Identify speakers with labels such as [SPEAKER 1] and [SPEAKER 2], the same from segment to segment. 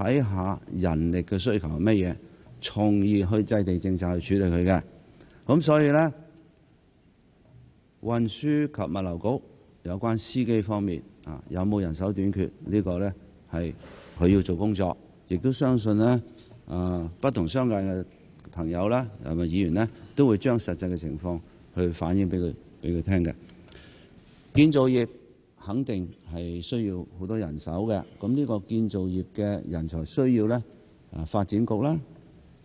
[SPEAKER 1] 睇下人力嘅需求係乜嘢，從而去制定政策去處理佢嘅。咁所以呢，運輸及物流局有關司機方面啊，有冇人手短缺呢、呢個呢，係佢要做工作，亦都相信呢，啊、呃，不同商界嘅朋友啦，同、呃、埋議員呢，都會將實際嘅情況去反映俾佢俾佢聽嘅。建造業，肯定係需要好多人手嘅，咁呢個建造業嘅人才需要呢，啊發展局啦，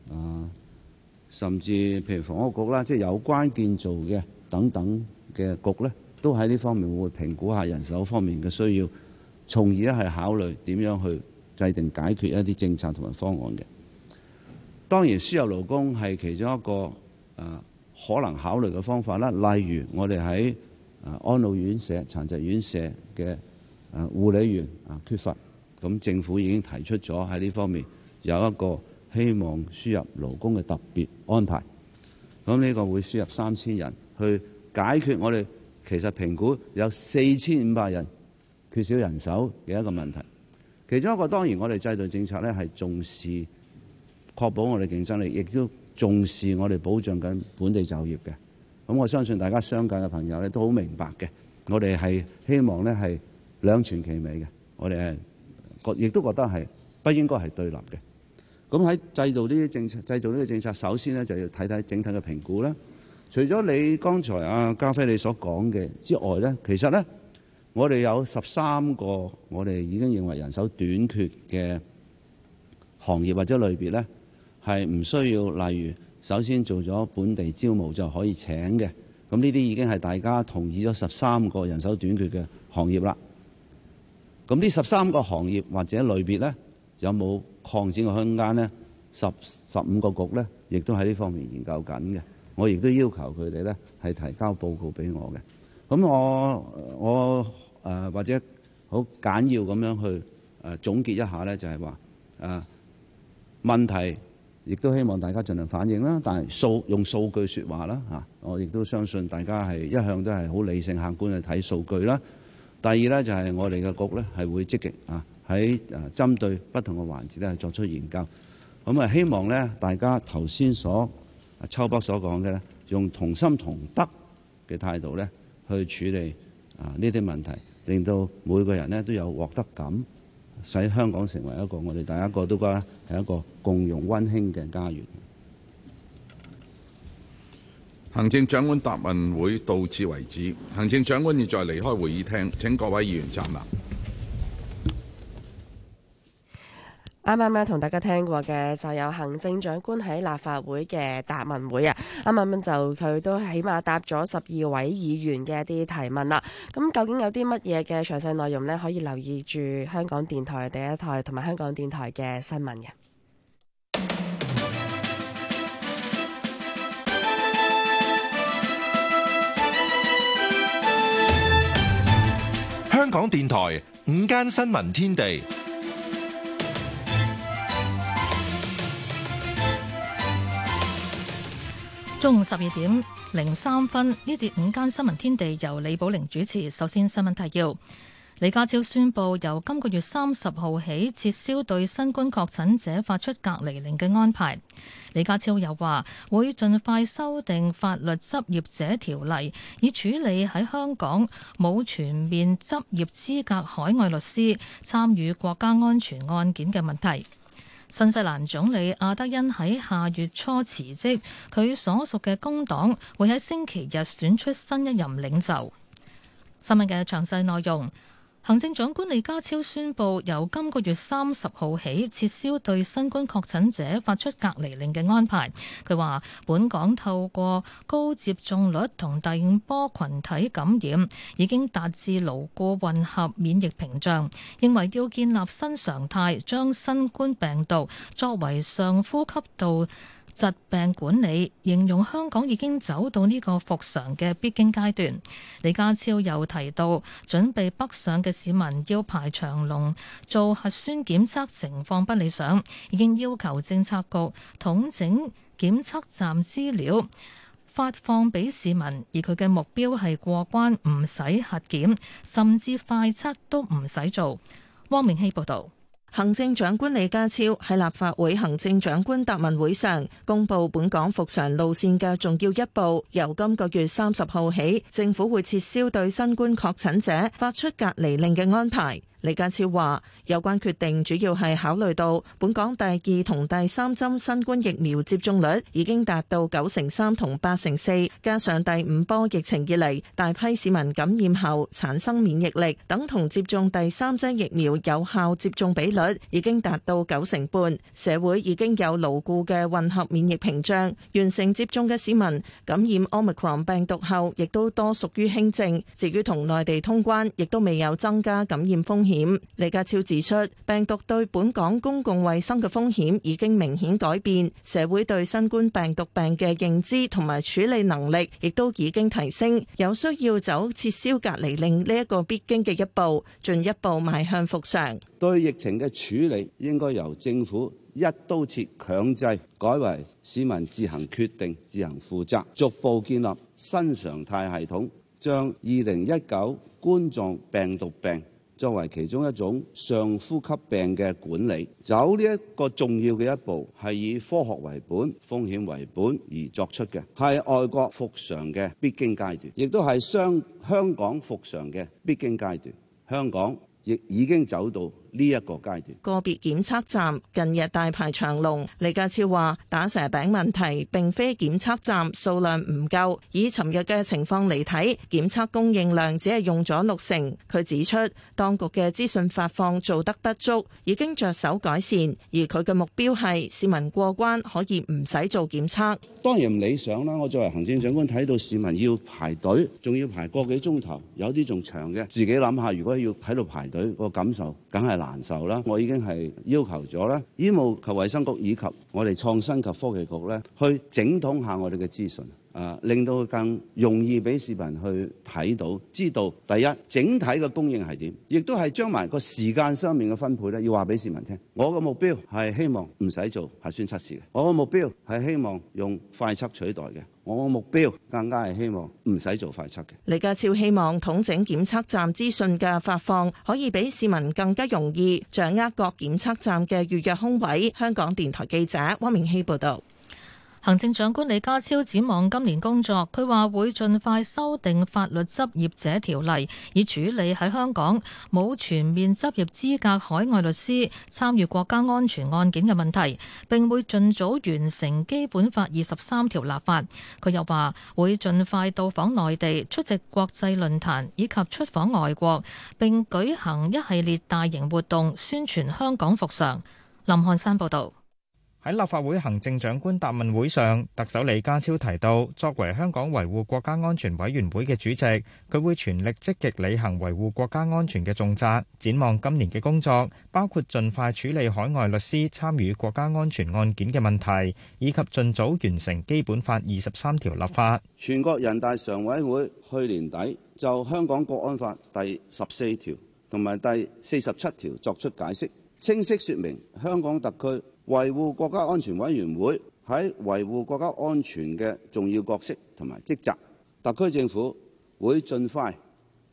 [SPEAKER 1] 啊甚至譬如房屋局啦，即係有關建造嘅等等嘅局呢，都喺呢方面會評估下人手方面嘅需要，從而咧係考慮點樣去制定解決一啲政策同埋方案嘅。當然輸入勞工係其中一個啊可能考慮嘅方法啦，例如我哋喺。啊，安老院舍、殘疾院舍嘅啊護理員啊缺乏，咁政府已經提出咗喺呢方面有一個希望輸入勞工嘅特別安排，咁呢個會輸入三千人去解決。我哋其實評估有四千五百人缺少人手嘅一個問題，其中一個當然我哋制度政策咧係重視確保我哋競爭力，亦都重視我哋保障緊本地就業嘅。咁我相信大家相近嘅朋友咧都好明白嘅，我哋係希望咧係兩全其美嘅，我哋係覺亦都覺得係不應該係對立嘅。咁喺製造呢啲政策，製造呢個政策，首先咧就要睇睇整體嘅評估啦。除咗你剛才啊嘉輝你所講嘅之外咧，其實咧我哋有十三個我哋已經認為人手短缺嘅行業或者類別咧，係唔需要例如，首先做咗本地招募就可以請嘅，咁呢啲已經係大家同意咗十三個人手短缺嘅行業啦。咁呢十三個行業或者類別呢，有冇擴展嘅空間呢？十十五個局呢，亦都喺呢方面研究緊嘅。我亦都要求佢哋呢係提交報告俾我嘅。咁我我誒、呃、或者好簡要咁樣去誒總結一下呢，就係話誒問題。亦都希望大家儘量反映啦，但係數用數據說話啦嚇、啊，我亦都相信大家係一向都係好理性客觀去睇數據啦。第二呢，就係我哋嘅局呢係會積極啊，喺誒針對不同嘅環節咧作出研究。咁啊，希望呢，大家頭先所秋北所講嘅呢，用同心同德嘅態度呢去處理啊呢啲、啊、問題，令到每個人呢都有獲得感。使香港成為一個我哋大家個都覺得係一個共融溫馨嘅家園。行政長官答問會到此為止，行政長官現在離開會議廳，請各位議員站立。
[SPEAKER 2] 啱啱咧，同大家聽過嘅就有行政長官喺立法會嘅答問會啊！啱啱就佢都起碼答咗十二位議員嘅一啲提問啦。咁究竟有啲乜嘢嘅詳細內容呢？可以留意住香港電台第一台同埋香港電台嘅新聞嘅。
[SPEAKER 3] 香港電台午間新聞天地。
[SPEAKER 4] 中午十二點零三分，呢節午間新聞天地由李寶玲主持。首先新聞提要：李家超宣布由今個月三十號起撤銷對新冠確診者發出隔離令嘅安排。李家超又話會盡快修訂法律執業者條例，以處理喺香港冇全面執業資格海外律師參與國家安全案件嘅問題。新西蘭總理阿德恩喺下月初辭職，佢所屬嘅工黨會喺星期日選出新一任領袖。新聞嘅詳細內容。行政長官李家超宣布，由今個月三十號起，撤銷對新冠確診者發出隔離令嘅安排。佢話：本港透過高接種率同第五波群體感染，已經達至牢固混合免疫屏障，認為要建立新常態，將新冠病毒作為上呼吸道疾病管理，形容香港已經走到呢個復常嘅必經階段。李家超又提到，準備北上嘅市民要排長龍做核酸檢測情況不理想，已經要求政策局統整檢測站資料發放俾市民，而佢嘅目標係過關唔使核檢，甚至快測都唔使做。汪明希報道。行政長官
[SPEAKER 5] 李家超喺立法會行政長官答問會上，公布本港復常路線嘅重要一步，由今個月三十號起，政府會撤銷對新冠確診者發出隔離令嘅安排。李家超話有關決定主要係考慮到本港第二同第三針新冠疫苗接種率已經達到九成三同八成四，加上第五波疫情以嚟，大批市民感染後產生免疫力等同接種第三劑疫苗有效接種比率已經達到九成半，社會已經有牢固嘅混合免疫屏障。完成接種嘅市民感染 Omicron 病毒後亦都多屬於輕症。至於同內地通關亦都未有增加感染風險。李家超指出，病毒對本港公共衛生嘅風險已經明顯改變，社會對新冠病毒病嘅認知同埋處理能力亦都已經提升，有需要走撤銷隔離令呢一個必經嘅一步，進一步邁向復常。
[SPEAKER 1] 對疫情嘅處理應該由政府一刀切強制改為市民自行決定、自行負責，逐步建立新常態系統，將二零一九冠狀病毒病。作為其中一種上呼吸病嘅管理，走呢一個重要嘅一步係以科學為本、風險為本而作出嘅，係外國復常嘅必經階段，亦都係香香港復常嘅必經階段。香港亦已經走到呢一個階段，
[SPEAKER 5] 個別檢測站近日大排長龍，李家超話打蛇餅問題並非檢測站數量唔夠，以尋日嘅情況嚟睇，檢測供應量只係用咗六成。佢指出，當局嘅資訊發放做得不足，已經着手改善。而佢嘅目標係市民過關可以唔使做檢測，當然唔理
[SPEAKER 1] 想啦。我作為行政長官睇到市民要排隊，仲要排個幾鐘頭，有啲仲長嘅。自己諗下，如果要喺度排隊，個感受梗係難。難受啦！我已經係要求咗啦，醫務及衛生局以及我哋創新及科技局咧，去整統下我哋嘅資訊。啊！令到佢更容易俾市民去睇到、知道。第一，整體嘅供應係點，亦都係將埋個時間上面嘅分配咧，要話俾市民聽。我嘅目標係希望唔使做核酸測試嘅。我嘅目標係希望用快測取代嘅。我嘅目標更加係希望唔使做快測嘅。
[SPEAKER 5] 李家超希望統整檢測站資訊嘅發放，可以俾市民更加容易掌握各檢測站嘅預
[SPEAKER 4] 約空位。香港電台記者汪明希報道。行政長官李家超展望今年工作，佢話會盡快修訂法律執業者條例，以處理喺香港冇全面執業資格海外律師參與國家安全案件嘅問題。並會盡早完成基本法二十三條立法。佢又話會盡快到訪內地，出席國際論壇以及出訪外國，並舉行一系列大型活動宣傳香港復常。林漢山報導。
[SPEAKER 6] 喺立法會行政長官答問會上，特首李家超提到，作為香港維護國家安全委員會嘅主席，佢會全力積極履行維護國家安全嘅重責。展望今年嘅工作，包括盡快處理海外律師參與國家安全案件嘅問題，以及儘早完成《基本法》二十三條立法。
[SPEAKER 1] 全國人大常委會去年底就香港國安法第十四條同埋第四十七條作出解釋，清晰說明香港特區。維護國家安全委員會喺維護國家安全嘅重要角色同埋職責，特區政府會盡快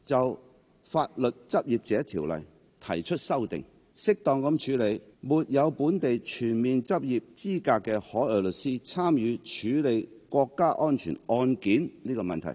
[SPEAKER 1] 就法律執業者條例提出修訂，適當咁處理沒有本地全面執業資格嘅海外律師參與處理國家安全案件呢個問題，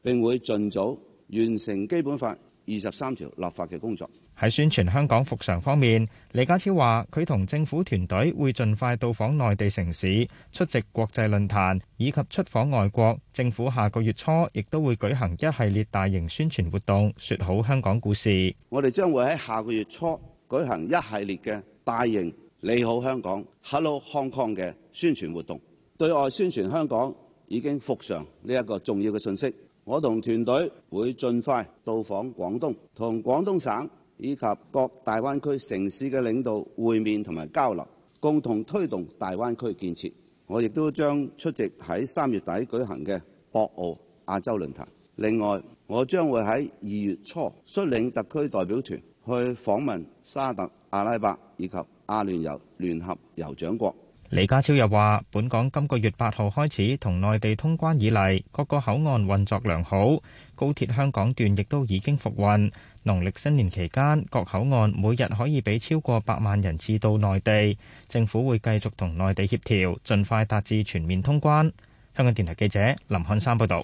[SPEAKER 1] 並會盡早完成基本法二十三條立法嘅工作。
[SPEAKER 6] 喺宣傳香港復常方面，李家超話：佢同政府團隊會盡快到訪內地城市，出席國際論壇，以及出訪外國。政府下個月初亦都會舉行一系列大型宣傳活動，説好香港故事。
[SPEAKER 1] 我哋將會喺下個月初舉行一系列嘅大型你好香港、Hello Hong Kong 嘅宣傳活動，對外宣傳香港已經復常呢一個重要嘅信息。我同團隊會盡快到訪廣東，同廣東省。以及各大灣區城市嘅領導會面同埋交流，共同推動大灣區建設，我亦都將出席喺三月底舉行嘅博鰲亞洲論壇。另外，我將會喺二月初率領特區代表團去訪問沙特阿拉伯以及阿聯酋聯合酋長國。
[SPEAKER 6] 李家超又話本港今個月八號開始同內地通關以嚟，各個口岸運作良好，高鐵香港段亦都已經復運。農曆新年期間，各口岸每日可以俾超過百萬人次到內地。政府會繼續同內地協調，盡快達至全面通關。香港電台記者林漢山報導。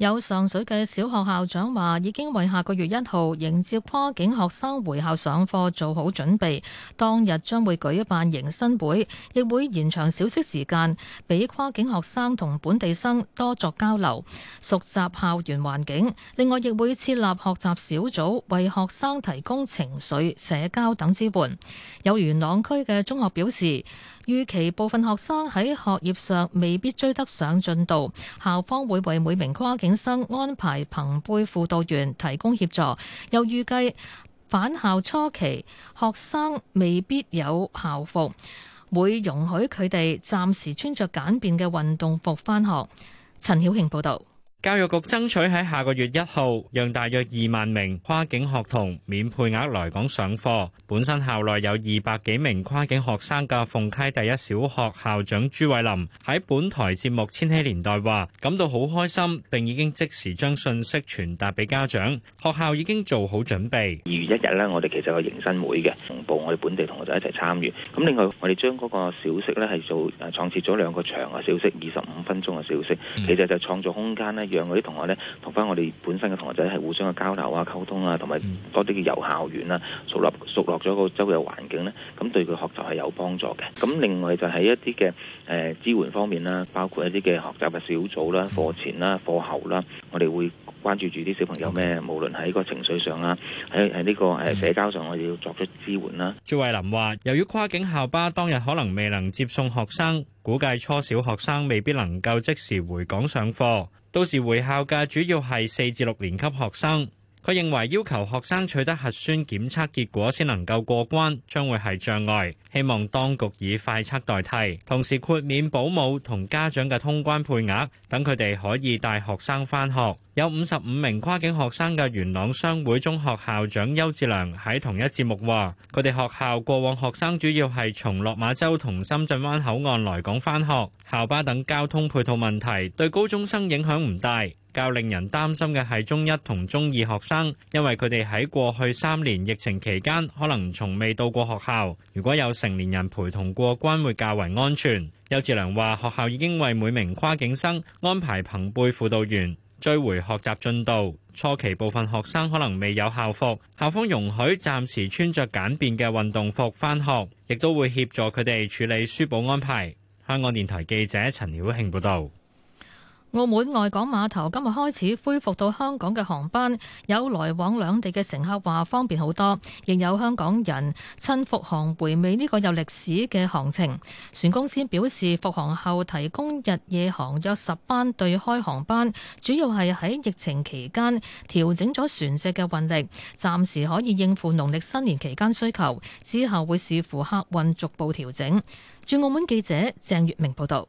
[SPEAKER 4] 有上水嘅小學校長話已經為下個月一號迎接跨境學生回校上課做好準備，當日將會舉辦迎新會，亦會延長小息時間，俾跨境學生同本地生多作交流，熟習校園環境。另外，亦會設立學習小組為學生提供情緒社交等支援。有元朗區嘅中學表示。預期部分學生喺學業上未必追得上進度，校方會為每名跨境生安排朋輩輔導員提供協助。又預計返校初期，學生未必有校服，會容許佢哋暫時穿著簡便嘅運動服返學。陳曉慶報道。
[SPEAKER 3] 教育局爭取喺下個月一號，讓大約二萬名跨境學童免配額來港上課。本身校內有二百幾名跨境學生嘅鳳溪第一小學校,校長朱偉林喺本台節目《千禧年代》話，感到好開心，並已經即時將信息傳達俾家長。學校已
[SPEAKER 7] 經做好準備。二月一日呢，我哋其實有迎新會嘅，同步我哋本地同學就一齊參與。咁另外，我哋將嗰個小息呢係做誒，創設咗兩個長嘅小息，二十五分鐘嘅小息，其實就創造空間呢。讓嗰啲同學咧，同返我哋本身嘅同學仔係互相嘅交流啊、溝通啊，同埋多啲嘅遊校園啊，熟落熟落咗個周圍環境咧，咁對佢學習係有幫助嘅。咁另外就喺一啲嘅誒支援方面啦，包括一啲嘅學習嘅小組啦、課前啦、課後啦，我哋會關注住啲小朋友咩，無論喺個情緒上啊，喺喺呢個係社交上，我哋要作出支援啦。
[SPEAKER 3] 朱慧琳話：由於跨境校巴當日可能未能接送學生，估計初小學生未必能夠即時回港上課。到時回校嘅主要係四至六年級學生，佢認為要求學生取得核酸檢測結果先能夠過關，將會係障礙。希望當局以快測代替，同時豁免保姆同家長嘅通關配額，等佢哋可以帶學生返學。有五十五名跨境學生嘅元朗商會中學校長邱志良喺同一節目話，佢哋學校過往學生主要係從落馬洲同深圳灣口岸來港翻學，校巴等交通配套問題對高中生影響唔大。較令人擔心嘅係中一同中二學生，因為佢哋喺過去三年疫情期間可能從未到過學校。如果有成年人陪同過關，會較為安全。邱志良話，學校已經為每名跨境生安排朋輩輔導員。追回學習進度，初期部分學生可能未有校服，校方容許暫時穿着簡便嘅運動服返學，亦都會協助佢哋處理書簿安排。香港電台記者陳曉慶報導。
[SPEAKER 4] 澳門外港碼頭今日開始恢復到香港嘅航班，有來往兩地嘅乘客話方便好多，亦有香港人趁復航回味呢個有歷史嘅航程。船公司表示，復航後提供日夜航約十班對開航班，主要係喺疫情期間調整咗船隻嘅運力，暫時可以應付農曆新年期間需求，之後會視乎客運逐步調整。駐澳門記者鄭月明報道。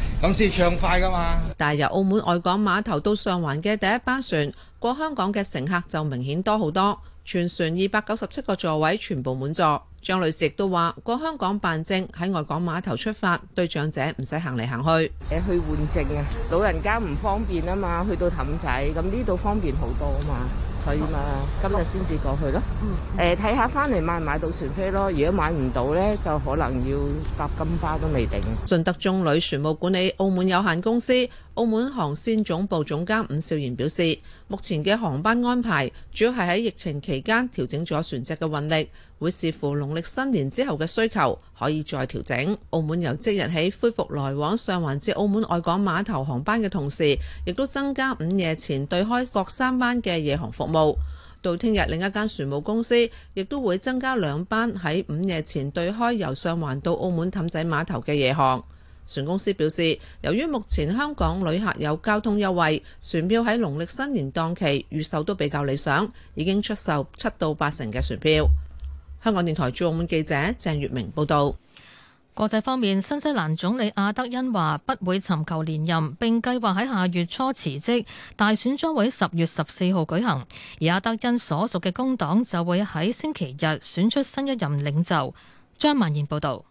[SPEAKER 8] 咁先暢快㗎嘛！但係由澳門外港碼頭到上環嘅第一班船，過香港嘅乘客就明顯多好多，全船二百九十七個座位全部滿座。張女士亦都話過香港辦證喺外港碼頭出發，對長者唔使行嚟行去。誒去換證啊，老人家唔方便啊嘛，去到氹仔咁呢度方便好多啊嘛。所以嘛，今日先至過去咯。誒、呃，睇下翻嚟買唔買到船飛咯。如果買唔到咧，就可能要搭金巴都未定。信德中旅船務管理澳門有限公司。澳門航線總部總監伍兆賢表示，目前嘅航班安排主要係喺疫情期間調整咗船隻嘅運力，會視乎農曆新年之後嘅需求，可以再調整。澳門由即日起恢復來往上環至澳門外港碼頭航班嘅同時，亦都增加午夜前對開各三班嘅夜航服務。到聽日另一間船務公司亦都會增加兩班喺午夜前對開由上環到澳門氹仔碼頭嘅夜航。船公司表示，由於目前香港旅客有交通優惠，船票喺農曆新年檔期預售都比較理想，已經出售七到八成嘅船票。香港電台駐澳門
[SPEAKER 4] 記者鄭月明報導。國際方面，新西蘭總理阿德恩話不會尋求連任，並計劃喺下月初辭職。大選將會十月十四號舉行，而阿德恩所屬嘅工黨就會喺星期日選出新一任領袖。張曼燕報導。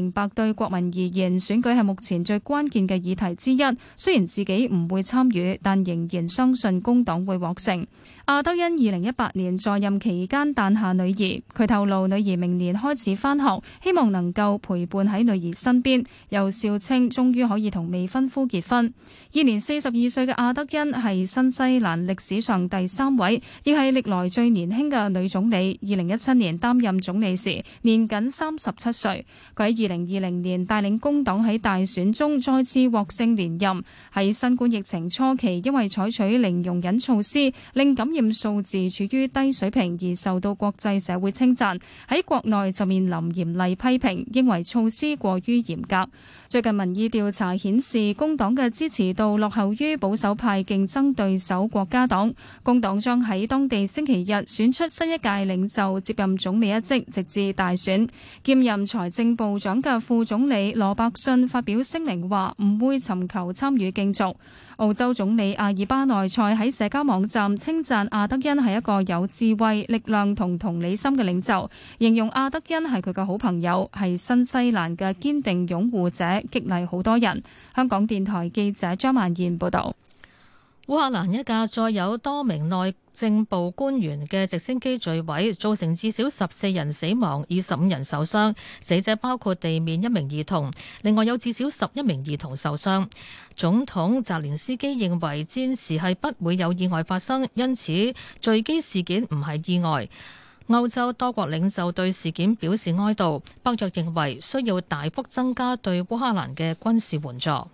[SPEAKER 2] 明白對國民而言，選舉係目前最關鍵嘅議題之一。雖然自己唔會參與，但仍然相信工黨會獲勝。阿德恩二零一八年在任期間誕下女兒，佢透露女兒明年開始返學，希望能夠陪伴喺女兒身邊，又笑稱終於可以同未婚夫結婚。現年四十二歲嘅阿德恩係新西蘭歷史上第三位，亦係歷來最年輕嘅女總理。二零一七年擔任總理時年僅三十七歲，佢喺二零二零年帶領工黨喺大選中再次獲勝連任。喺新冠疫情初期，因為採取零容忍措施，令感染。數字處於低水平而受到國際社會稱讚，喺國內就面臨嚴厲批評，認為措施過於嚴格。最近民意調查顯示，工黨嘅支持度落後於保守派競爭對手國家黨。工黨將喺當地星期日選出新一屆領袖，接任總理一職，直至大選。兼任財政部長嘅副總理羅伯遜發表聲明話，唔會尋求參與競逐。澳洲總理阿爾巴內塞喺社交網站稱讚阿德恩係一個有智慧、力量同同理心嘅領袖，形容阿德恩係佢嘅好朋友，係新西蘭嘅堅定擁護者，激勵好多人。香港電台記者張萬燕報道。
[SPEAKER 4] 烏克蘭一架載有多名內政部官員嘅直升機墜毀，造成至少十四人死亡，二十五人受傷，死者包括地面一名兒童，另外有至少十一名兒童受傷。總統澤連斯基認為戰時係不會有意外發生，因此墜機事件唔係意外。歐洲多國領袖對事件表示哀悼，北約認為需要大幅增加對烏克蘭嘅軍事援助。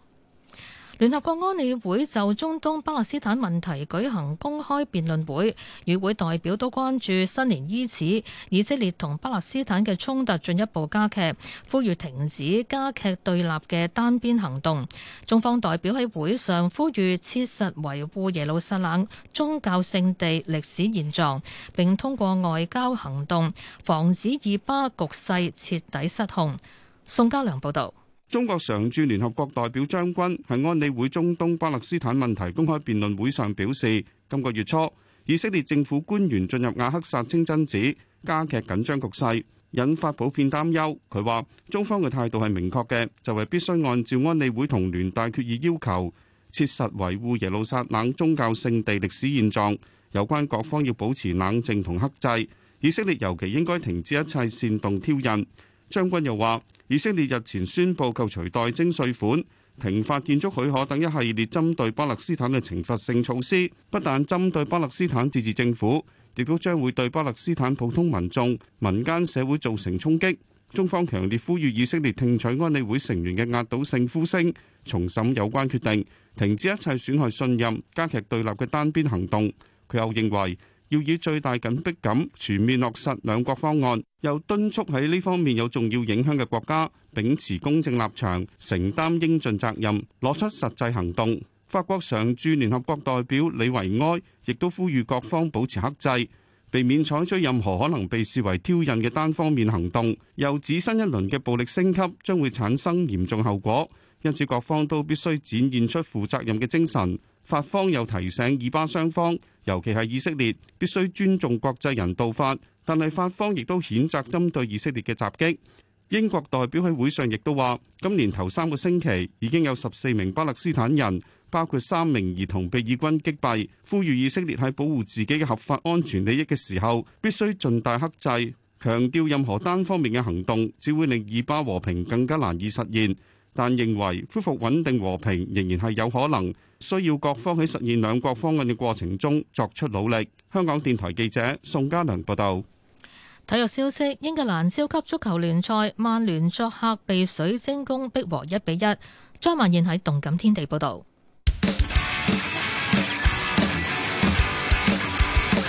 [SPEAKER 4] 聯合國安理會就中東巴勒斯坦問題舉行公開辯論會，與會代表都關注新年伊始以色列同巴勒斯坦嘅衝突進一步加劇，呼籲停止加劇對立嘅單邊行動。中方代表喺會上呼籲切實維護耶路撒冷宗教聖地歷史現狀，並通過外交行動防止以巴局勢徹底失控。宋家良報道。
[SPEAKER 9] 中國常駐聯合國代表張軍喺安理會中東巴勒斯坦問題公開辯論會上表示：今個月初，以色列政府官員進入阿克薩清真寺，加劇緊張局勢，引發普遍擔憂。佢話中方嘅態度係明確嘅，就係必須按照安理會同聯大決議要求，切實維護耶路撒冷宗教聖地歷史現狀。有關各方要保持冷靜同克制，以色列尤其應該停止一切煽動挑釁。張軍又話：以色列日前宣布扣除代徵稅款、停發建築許可等一系列針對巴勒斯坦嘅懲罰性措施，不但針對巴勒斯坦自治政府，亦都將會對巴勒斯坦普通民眾、民間社會造成衝擊。中方強烈呼籲以色列聽取安理會成員嘅壓倒性呼聲，重審有關決定，停止一切損害信任、加劇對立嘅單邊行動。佢又認為，要以最大緊迫感全面落實兩國方案，又敦促喺呢方面有重要影響嘅國家秉持公正立場，承擔應盡責任，攞出實際行動。法國常駐聯合國代表李維埃亦都呼籲各方保持克制，避免採取任何可能被視為挑釁嘅單方面行動。又指新一輪嘅暴力升級將會產生嚴重後果，因此各方都必須展現出負責任嘅精神。法方又提醒以巴雙方，尤其係以色列，必須尊重國際人道法。但係法方亦都譴責針對以色列嘅襲擊。英國代表喺會上亦都話：今年頭三個星期已經有十四名巴勒斯坦人，包括三名兒童，被以軍擊斃。呼籲以色列喺保護自己嘅合法安全利益嘅時候，必須盡大克制，強調任何單方面嘅行動只會令以巴和平更加難以實現。但認為恢復穩定和平仍然係有可能。需要各方喺實現兩國方案嘅過程中作出努力。香港電台記者宋嘉良報道。
[SPEAKER 4] 體育消息：英格蘭超級足球聯賽，曼聯作客被水晶宮逼和一比一。張曼燕喺動感天地報道。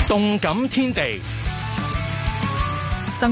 [SPEAKER 4] 動感天地，天地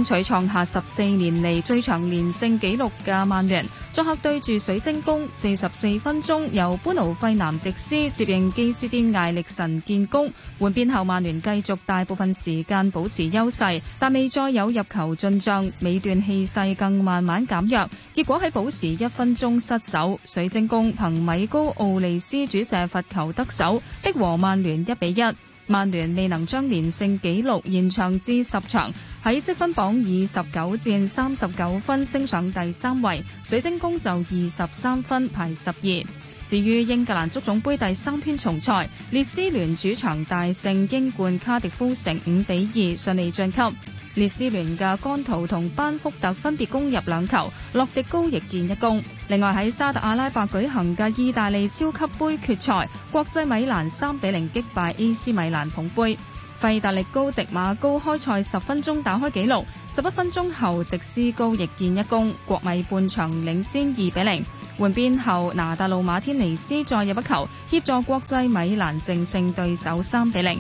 [SPEAKER 4] 爭取創下十四年
[SPEAKER 2] 嚟最長連勝紀錄嘅曼聯。作客對住水晶宮，四十四分鐘由般奴費南迪斯接應基斯甸艾力神建功，換邊後曼聯繼續大部分時間保持優勢，但未再有入球進帳，尾段氣勢更慢慢減弱，結果喺補時一分鐘失守，水晶宮憑米高奧利斯主射罰球得手，逼和曼聯一比一。曼聯未能將連勝紀錄延長至十場，喺積分榜以十九戰三十九分升上第三位。水晶宮就二十三分排十二。至於英格蘭足總盃第三篇重賽，列斯聯主場大勝英冠卡迪夫城五比二，順利晉級。列斯聯嘅甘圖同班福特分別攻入兩球，洛迪高亦建一功。另外喺沙特阿拉伯舉行嘅意大利超級杯決賽，國際米蘭三比零擊敗 AC 米蘭捧杯。費達力高迪馬高開賽十分鐘打開紀錄，十一分鐘後迪斯高亦建一功，國米半場領先二比零。換邊後拿大路馬天
[SPEAKER 4] 尼斯再入一球，協助國際米蘭淨勝對手三比零。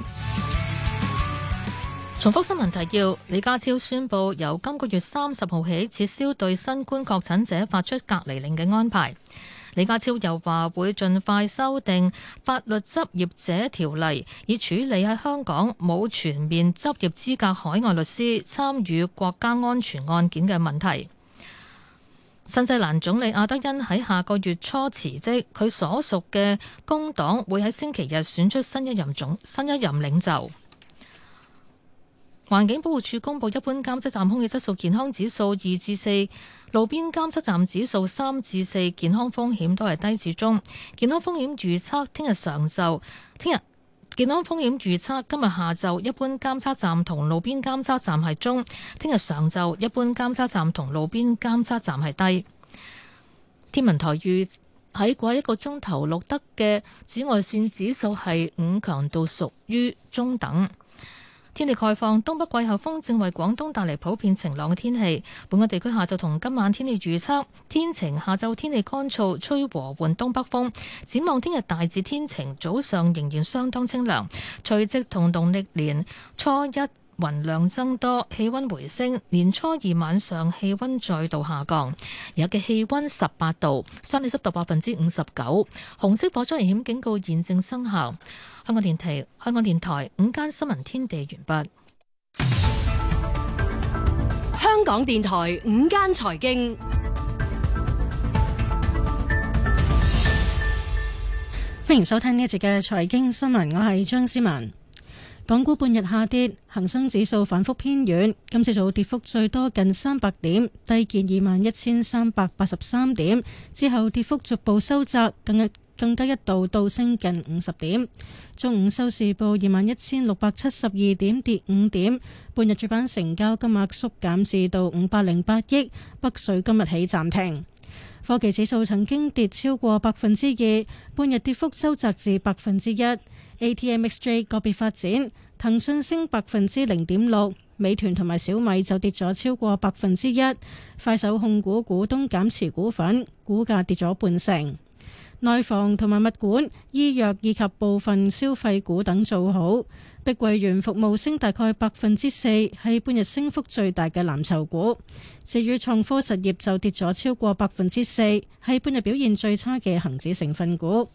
[SPEAKER 4] 重複新聞提要：李家超宣布由今個月三十號起撤銷對新冠確診者發出隔離令嘅安排。李家超又話會盡快修訂法律執業者條例，以處理喺香港冇全面執業資格海外律師參與國家安全案件嘅問題。新西蘭總理阿德恩喺下個月初辭職，佢所屬嘅工黨會喺星期日選出新一任總，新一任領袖。環境保護署公布，一般監測站空氣質素健康指數二至四，路邊監測站指數三至四，健康風險都係低至中。健康風險預測聽日上晝，聽日健康風險預測今日下晝，一般監測站同路邊監測站係中；聽日上晝，一般監測站同路邊監測站係低。天文台預喺過一個鐘頭錄得嘅紫外線指數係五強度，屬於中等。天氣概況，東北季候風正為廣東帶嚟普遍晴朗嘅天氣。本港地區下晝同今晚天氣預測，天晴，下晝天氣乾燥，吹和緩東北風。展望聽日大致天晴，早上仍然相當清涼。除夕同農曆年初一雲量增多，氣温回升；年初二晚上氣温再度下降。而家嘅氣温十八度，相對濕度百分之五十九。紅色火災危險警告現正生效。香港電台，香港電台午間新聞天地完畢。香港電台午
[SPEAKER 10] 間財經，歡迎收聽呢一節嘅財經新聞，我係張思文。港股半日下跌，恒生指數反復偏軟，今朝早跌幅最多近三百點，低見二萬一千三百八十三點，之後跌幅逐步收窄，近日。更低一度，倒升近五十點。中午收市報二萬一千六百七十二點，跌五點。半日主板成交金額縮減至到五百零八億。北水今日起暫停。科技指數曾經跌超過百分之二，半日跌幅收窄至百分之一。A T M X J 個別發展，騰訊升百分之零點六，美團同埋小米就跌咗超過百分之一。快手控股，股股東減持股份，股價跌咗半成。內房同埋物管、醫藥以及部分消費股等做好，碧桂園服務升大概百分之四，係半日升幅最大嘅藍籌股。至於創科實業就跌咗超過百分之四，係半日表現最差嘅恒指成分股。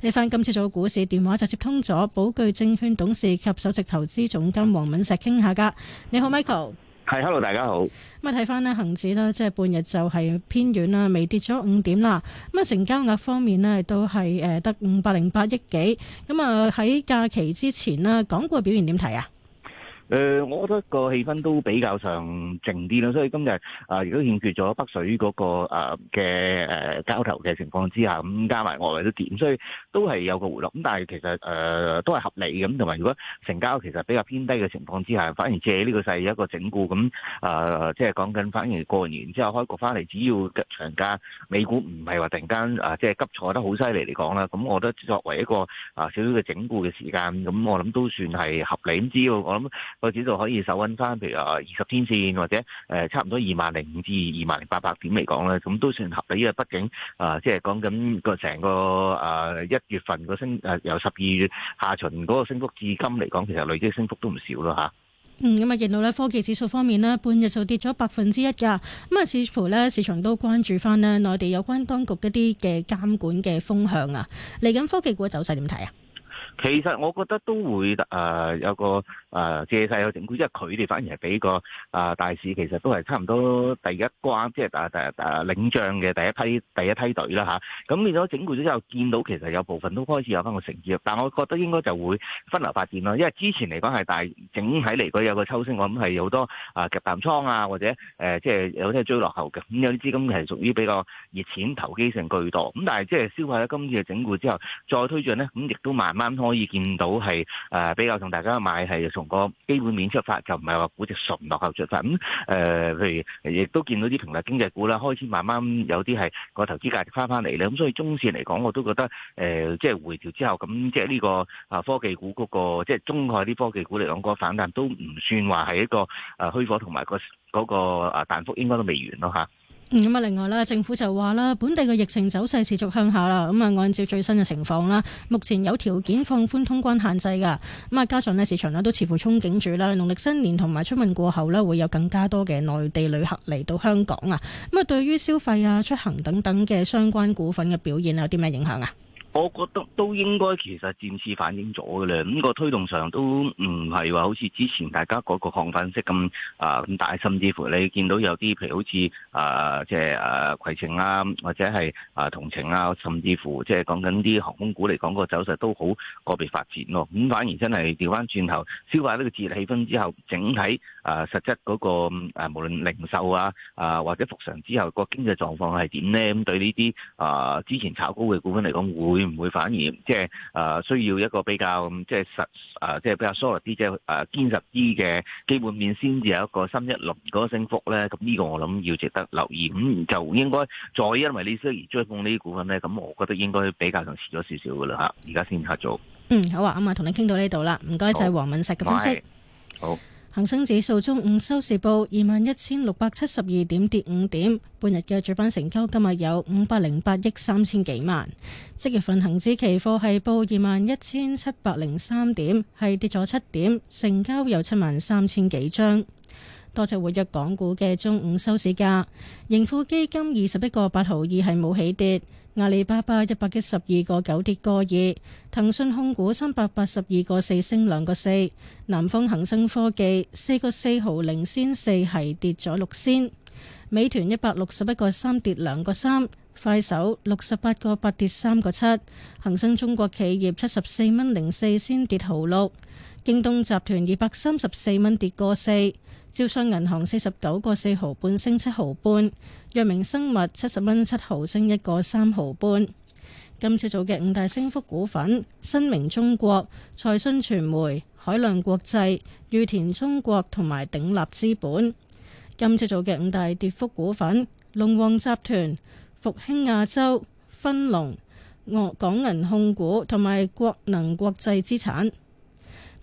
[SPEAKER 10] 睇返今朝早股市電話就接通咗，寶鉅證券董事及首席投資總監黃敏石傾下偈。你好，Michael。
[SPEAKER 7] 係，hello，
[SPEAKER 10] 大家好。咁啊，睇翻咧恒指啦。即係半日就係偏軟啦，微跌咗五點啦。咁啊，成交額方面咧，都係誒得五百零八億幾。咁啊，喺假期之前咧，港股嘅表現點睇啊？
[SPEAKER 7] 誒，我覺得個氣氛都比較上靜啲啦，所以今日啊，如果欠缺咗北水嗰個啊嘅誒交投嘅情況之下，咁加埋外圍都跌，所以都係有個回落。咁但係其實誒都係合理嘅，咁同埋如果成交其實比較偏低嘅情況之下，反而借呢個勢一個整固。咁啊，即係講緊反而過年之後開局返嚟，只要長假美股唔係話突然間啊，即係急挫得好犀利嚟講啦。咁我覺得作為一個啊少少嘅整固嘅時間，咁我諗都算係合理。咁知道我諗。個指數可以守穩翻，譬如話二十天線或者誒差唔多二萬零五至二萬零八百點嚟講咧，咁都算合理嘅。畢竟啊，即係講緊個成個啊一月份個升誒由十二月下旬嗰個升幅至今嚟講，其實累積升幅都唔少咯吓。
[SPEAKER 10] 嗯，咁啊，見到咧科技指數方面呢半日就跌咗百分之一㗎。咁啊，似乎咧市場都關注翻呢內地有關當局一啲嘅監管嘅風向啊。嚟緊科技股嘅走勢點睇啊？
[SPEAKER 7] 其實我覺得都會誒有個誒借勢有整固，因為佢哋反而係俾個誒大市，其實都係差唔多第一關，即係誒誒誒領漲嘅第一批第一梯隊啦吓。咁變咗整固咗之後，見到其實有部分都開始有翻個成績，但係我覺得應該就會分流發展咯。因為之前嚟講係大整體嚟講有個抽升，我諗係有好多夾淡倉啊夾淡倉啊或者誒即係有啲追落後嘅咁、嗯、有啲資金係屬於比較熱錢投機性巨多，咁、嗯、但係即係消化咗今次嘅整固之後，再推進咧咁亦都慢慢。可以見到係誒比較同大家買係從個基本面出發，就唔係話估值純落後出發咁誒。譬、呃、如亦都見到啲平台經濟股啦，開始慢慢有啲係個投資價值翻翻嚟咧。咁、嗯、所以中線嚟講，我都覺得誒、呃，即係回調之後咁、嗯，即係呢個啊科技股嗰、那個即係中海啲科技股嚟講，個反彈都唔算話係一個誒虛火，同埋個嗰個啊彈幅應該都未完咯嚇。
[SPEAKER 10] 咁啊，另外啦，政府就話啦，本地嘅疫情走勢持續向下啦。咁啊，按照最新嘅情況啦，目前有條件放寬通關限制噶。咁啊，加上咧，市場咧都似乎憧憬住咧，農曆新年同埋春運過後咧，會有更加多嘅內地旅客嚟到香港啊。咁啊，對於消費啊、出行等等嘅相關股份嘅表現有啲咩影響啊？
[SPEAKER 7] 我覺得都應該其實漸次反映咗嘅啦，咁、個推動上都唔係話好似之前大家嗰個亢奮式咁啊咁大，甚至乎你見到有啲譬如好似、呃即係呃、啊即係啊攜程啊或者係啊、呃、同程啊，甚至乎即係講緊啲航空股嚟講、個走勢都好個別發展咯、啊，咁反而真係調翻轉頭消化呢個節日氣氛之後，整體啊、呃、實質嗰、個誒無論零售啊啊或者復常之後、個經濟狀況係點咧，咁對呢啲啊之前炒高嘅股份嚟講會。會唔會反而即係誒需要一個比較即係實誒即係比較 solid 啲即係誒堅實啲嘅基本面先至有一個新一輪嗰個升幅咧？咁呢個我諗要值得留意，咁就應該再因為你些而追捧呢啲股份咧。咁我覺得應該比較上遲咗少少噶啦吓，而家先下
[SPEAKER 10] 早。嗯，好啊，咁啊，同你傾到呢度啦，唔該晒黃敏石嘅分析。
[SPEAKER 9] 好。
[SPEAKER 10] 恒生指數中午收市報二萬一千六百七十二點，跌五點。半日嘅主板成交今日有五百零八億三千幾萬。即月份恒指期貨係報二萬一千七百零三點，係跌咗七點，成交有七萬三千幾張。多隻活躍港股嘅中午收市價，盈富基金二十一個八毫二係冇起跌。阿里巴巴一百一十二個九跌個二，騰訊控股三百八十二個四升兩個四，南方恒生科技四個四毫零先四係跌咗六先，美團一百六十一個三跌兩個三，快手六十八個八跌三個七，恒生中國企業七十四蚊零四先跌毫六，京東集團二百三十四蚊跌個四，招商銀行四十九個四毫半升七毫半。藥明生物七十蚊七毫升一個三毫半。今次做嘅五大升幅股份：新明中國、財訊傳媒、海亮國際、裕田中國同埋鼎立資本。今次做嘅五大跌幅股份：龍旺集團、復興亞洲、分龍、俄港銀控股同埋國能國際資產。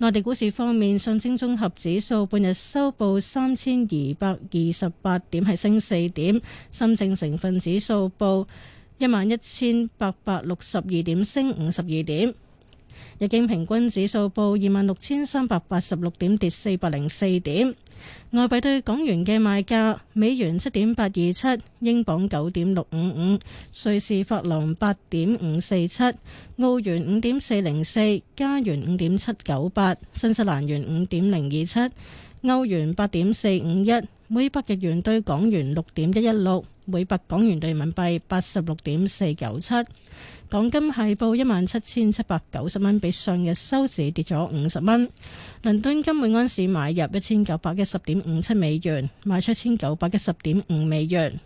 [SPEAKER 10] 內地股市方面，上證綜合指數半日收報三千二百二十八點，係升四點；深證成分指數報一萬一千八百六十二點，升五十二點；日經平均指數報二萬六千三百八十六點，跌四百零四點。外幣對港元嘅賣價：美元七點八二七，英鎊九點六五五，瑞士法郎八點五四七，澳元五點四零四，加元五點七九八，新西蘭元五點零二七，歐元八點四五一，每百日元對港元六點一一六，每百港元對人民幣八十六點四九七。港金係報一萬七千七百九十蚊，比上日收市跌咗五十蚊。倫敦金每安士買入一千九百一十點五七美元，賣出一千九百一十點五美元。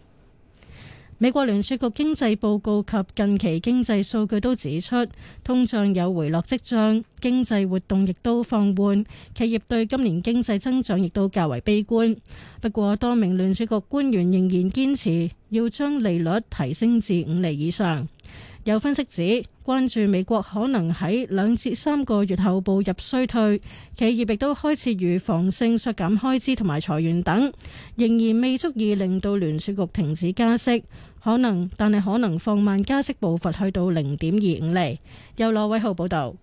[SPEAKER 10] 美國聯儲局經濟報告及近期經濟數據都指出，通脹有回落跡象，經濟活動亦都放緩，企業對今年經濟增長亦都較為悲觀。不過，多名聯儲局官員仍然堅持要將利率提升至五厘以上。有分析指，關注美國可能喺兩至三個月後步入衰退，企業亦都開始預防性縮減開支同埋裁員等，仍然未足以令到聯儲局停止加息，可能但係可能放慢加息步伐去到零點二五厘。由羅偉浩報導，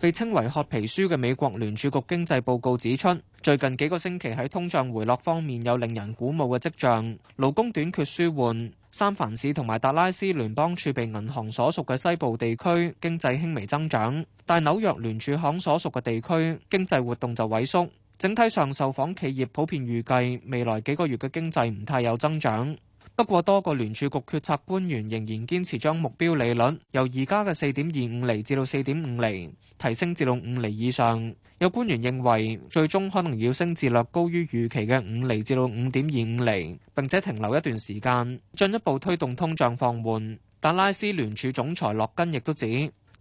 [SPEAKER 11] 被稱為褐皮書嘅美國聯儲局經濟報告指出，最近幾個星期喺通脹回落方面有令人鼓舞嘅跡象，勞工短缺舒緩。三藩市同埋達拉斯聯邦儲備銀行所屬嘅西部地區經濟輕微增長，但紐約聯儲行所屬嘅地區經濟活動就萎縮。整體上，受訪企業普遍預計未來幾個月嘅經濟唔太有增長，不過多個聯儲局決策官員仍然堅持將目標利率由而家嘅四點二五厘至到四點五厘提升至到五厘以上。有官員認為，最終可能要升至略高於預期嘅五厘至到五點二五厘，並且停留一段時間，進一步推動通脹放緩。達拉斯聯儲總裁洛根亦都指，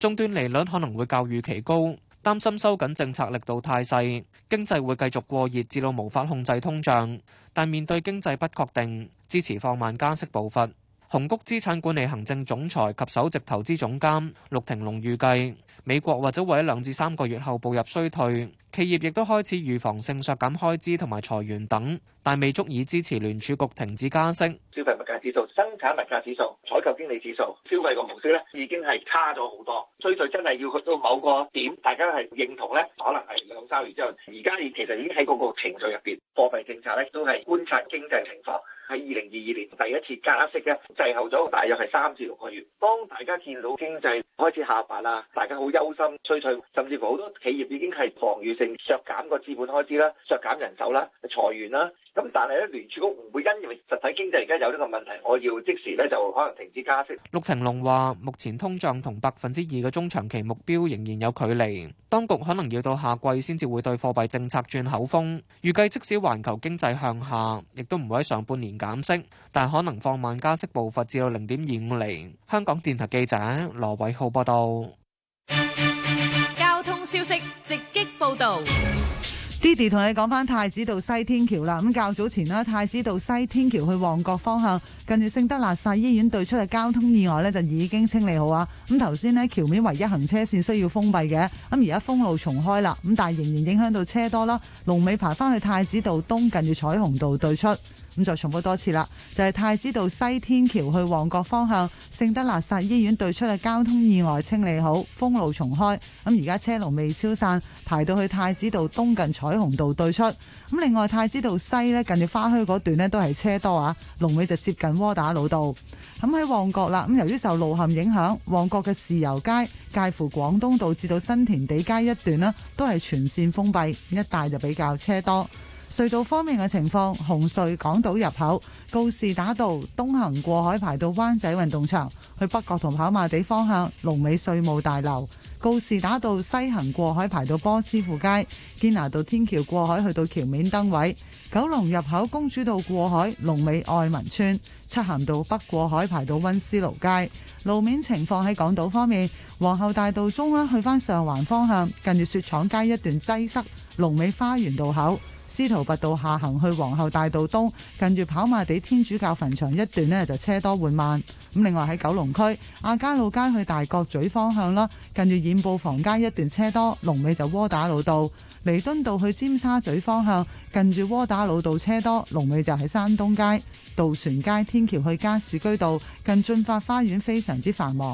[SPEAKER 11] 終端利率可能會較預期高，擔心收緊政策力度太細，經濟會繼續過熱至到無法控制通脹。但面對經濟不確定，支持放慢加息步伐。紅谷資產管理行政總裁及首席投資總監陸庭龍預計。美國或者為兩至三個月後步入衰退，企業亦都開始預防性削減開支同埋裁員等，但未足以支持聯儲局停止加息。
[SPEAKER 7] 消費物價指數、生產物價指數、採購經理指數，消費嘅模式咧已經係差咗好多。衰退真係要去到某個點，大家係認同咧，可能係兩三年之後。而家你其實已經喺嗰個程序入邊，貨幣政策咧都係觀察經濟情況。喺二零二二年第一次加息嘅，滯後咗，大約係三至六個月。當大家見到經濟開始下滑啦，大家好憂心、衰退，甚至乎好多企業已經係防禦性削減個資本開支啦、削減人手啦、裁員啦。咁但係咧，聯儲局唔會因為實體經濟而家有呢個問題，我要即時咧就可能停止加息。
[SPEAKER 11] 陸廷龍話，目前通脹同百分之二嘅中長期目標仍然有距離，當局可能要到下季先至會對貨幣政策轉口風，預計即使環球經濟向下，亦都唔會喺上半年，減息，但可能放慢加息步伐，至到零點二五厘。香港電台記者羅偉浩報道。
[SPEAKER 5] 交通消息直擊報道
[SPEAKER 12] ，Diddy 同你講翻太子道西天橋啦。咁較早前啦，太子道西天橋去旺角方向，近住聖德肋撒醫院對出嘅交通意外呢，就已經清理好啊。咁頭先呢橋面唯一行車線需要封閉嘅，咁而家封路重開啦。咁但係仍然影響到車多啦。龍尾排翻去太子道東，近住彩虹道對出。咁就重複多次啦，就係、是、太子道西天橋去旺角方向，聖德肋撒醫院對出嘅交通意外清理好，封路重開。咁而家車龍未消散，排到去太子道東近彩虹道對出。咁另外太子道西咧，近住花墟嗰段咧都係車多啊，龍尾就接近窩打老道。咁喺旺角啦，咁由於受路陷影響，旺角嘅豉油街介乎廣東道至到新填地街一段啦，都係全線封閉，一帶就比較車多。隧道方面嘅情況，紅隧港島入口告士打道東行過海，排到灣仔運動場；去北角同跑馬地方向龍尾稅務大樓。告士打道西行過海，排到波斯富街堅拿道天橋過海，去到橋面燈位。九龍入口公主道過海，龍尾愛民村漆咸道北過海，排到溫思勞街。路面情況喺港島方面，皇后大道中啦，去返上環方向，近住雪廠街一段擠塞，龍尾花園道口。司徒拔道下行去皇后大道東，近住跑馬地天主教墳場一段呢，就車多緩慢。咁另外喺九龍區，亞皆老街去大角咀方向啦，近住染布房街一段車多，龍尾就窩打老道。彌敦道去尖沙咀方向，近住窩打老道車多，龍尾就喺山東街、渡船街天橋去加士居道，近駿發花園非常之繁忙。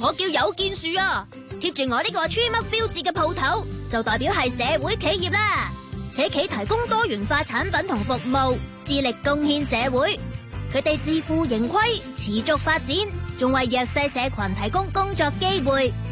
[SPEAKER 4] 我叫有建樹啊，貼住我呢個 tree mark 標誌嘅鋪頭，就代表係社會企業啦。社企提供多元化產品同服務，致力貢獻社會。佢哋自負盈虧，持續發展，仲為弱勢社群提供工作機會。